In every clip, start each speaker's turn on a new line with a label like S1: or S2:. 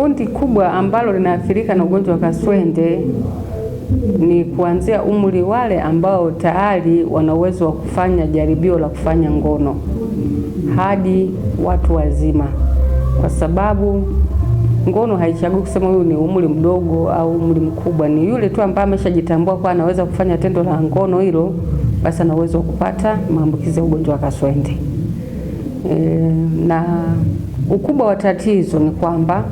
S1: Kundi kubwa ambalo linaathirika na ugonjwa wa kaswende ni kuanzia umri wale ambao tayari wana uwezo wa kufanya jaribio la kufanya ngono hadi watu wazima, kwa sababu ngono haichagui kusema huyu ni umri mdogo au umri mkubwa. Ni yule tu ambaye ameshajitambua kwa anaweza kufanya tendo la ngono hilo, basi ana uwezo wa kupata maambukizi ya ugonjwa wa kaswende. E, na ukubwa wa tatizo ni kwamba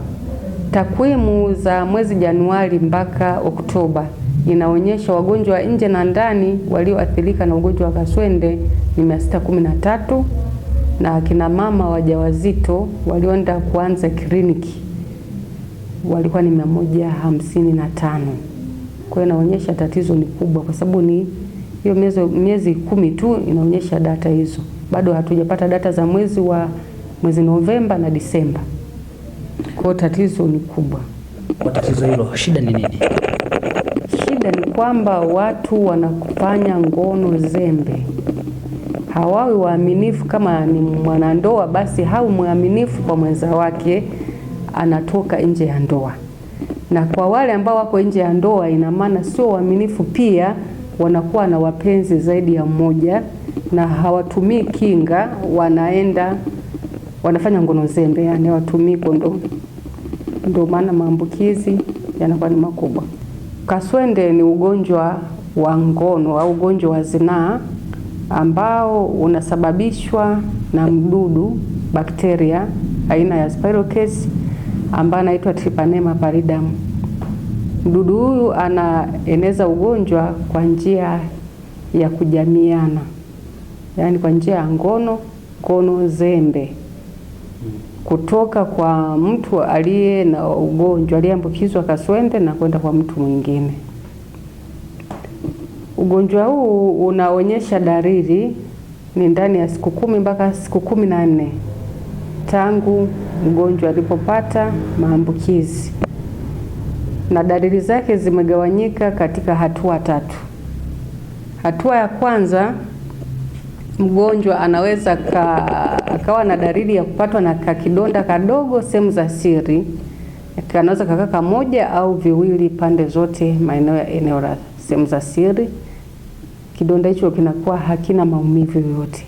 S1: Takwimu za mwezi Januari mpaka Oktoba inaonyesha wagonjwa wa nje na ndani walioathirika na ugonjwa wa kaswende ni 613 na akina mama wajawazito walioenda kuanza kliniki walikuwa ni tano. Kwa hiyo inaonyesha tatizo ni kubwa, kwa sababu ni hiyo miezi kumi tu inaonyesha data hizo. Bado hatujapata data za mwezi wa mwezi Novemba na Disemba. Kwa tatizo ni kubwa.
S2: Kwa tatizo hilo, shida ni nini?
S1: Shida ni kwamba watu wanakufanya ngono zembe, hawawi waaminifu. Kama ni mwanandoa, basi hau mwaminifu kwa mwenza wake, anatoka nje ya ndoa. Na kwa wale ambao wako nje ya ndoa, ina maana sio waaminifu pia, wanakuwa na wapenzi zaidi ya mmoja na hawatumii kinga, wanaenda wanafanya ngono zembe, yani watumii ndo ndo maana maambukizi yanakuwa ni makubwa. Kaswende ni ugonjwa wa ngono au ugonjwa wa zinaa ambao unasababishwa na mdudu bakteria aina ya Spirocase ambaye anaitwa Treponema pallidum. Mdudu huyu anaeneza ugonjwa kwa njia ya kujamiana, yaani kwa njia ya ngono, ngono zembe kutoka kwa mtu aliye na ugonjwa aliyeambukizwa kaswende na kwenda kwa mtu mwingine. Ugonjwa huu unaonyesha dalili ni ndani ya siku kumi mpaka siku kumi na nne tangu mgonjwa alipopata maambukizi, na dalili zake zimegawanyika katika hatua tatu. Hatua ya kwanza mgonjwa anaweza akawa na dalili ya kupatwa na kakidonda kadogo sehemu za siri, kanaweza kakaa kamoja au viwili pande zote maeneo ya eneo la sehemu za siri. Kidonda hicho kinakuwa hakina maumivu yoyote.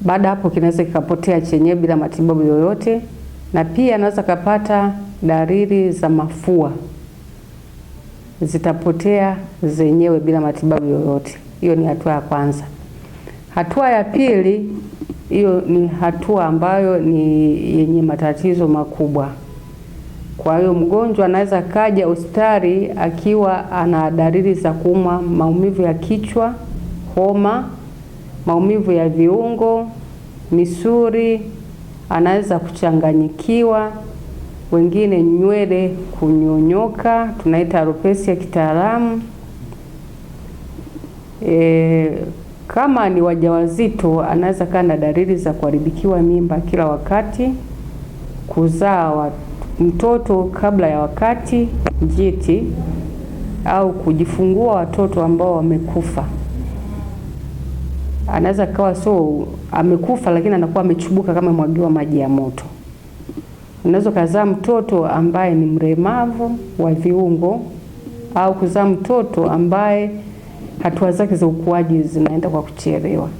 S1: Baada hapo kinaweza kikapotea chenyewe bila matibabu yoyote, na pia anaweza kapata dalili za mafua, zitapotea zenyewe bila matibabu yoyote. Hiyo ni hatua ya kwanza. Hatua ya pili, hiyo ni hatua ambayo ni yenye matatizo makubwa. Kwa hiyo mgonjwa anaweza kaja hospitali akiwa ana dalili za kuumwa, maumivu ya kichwa, homa, maumivu ya viungo, misuli, anaweza kuchanganyikiwa, wengine nywele kunyonyoka, tunaita alopecia kitaalamu e, kama ni wajawazito, anaweza kaa na dalili za kuharibikiwa mimba kila wakati, kuzaa wa mtoto kabla ya wakati, njiti, au kujifungua watoto ambao wamekufa. Anaweza kawa so amekufa, lakini anakuwa amechubuka kama mwagiwa maji ya moto. Unaweza kuzaa mtoto ambaye ni mlemavu wa viungo au kuzaa mtoto ambaye hatua zake za ukuaji zinaenda kwa kuchelewa.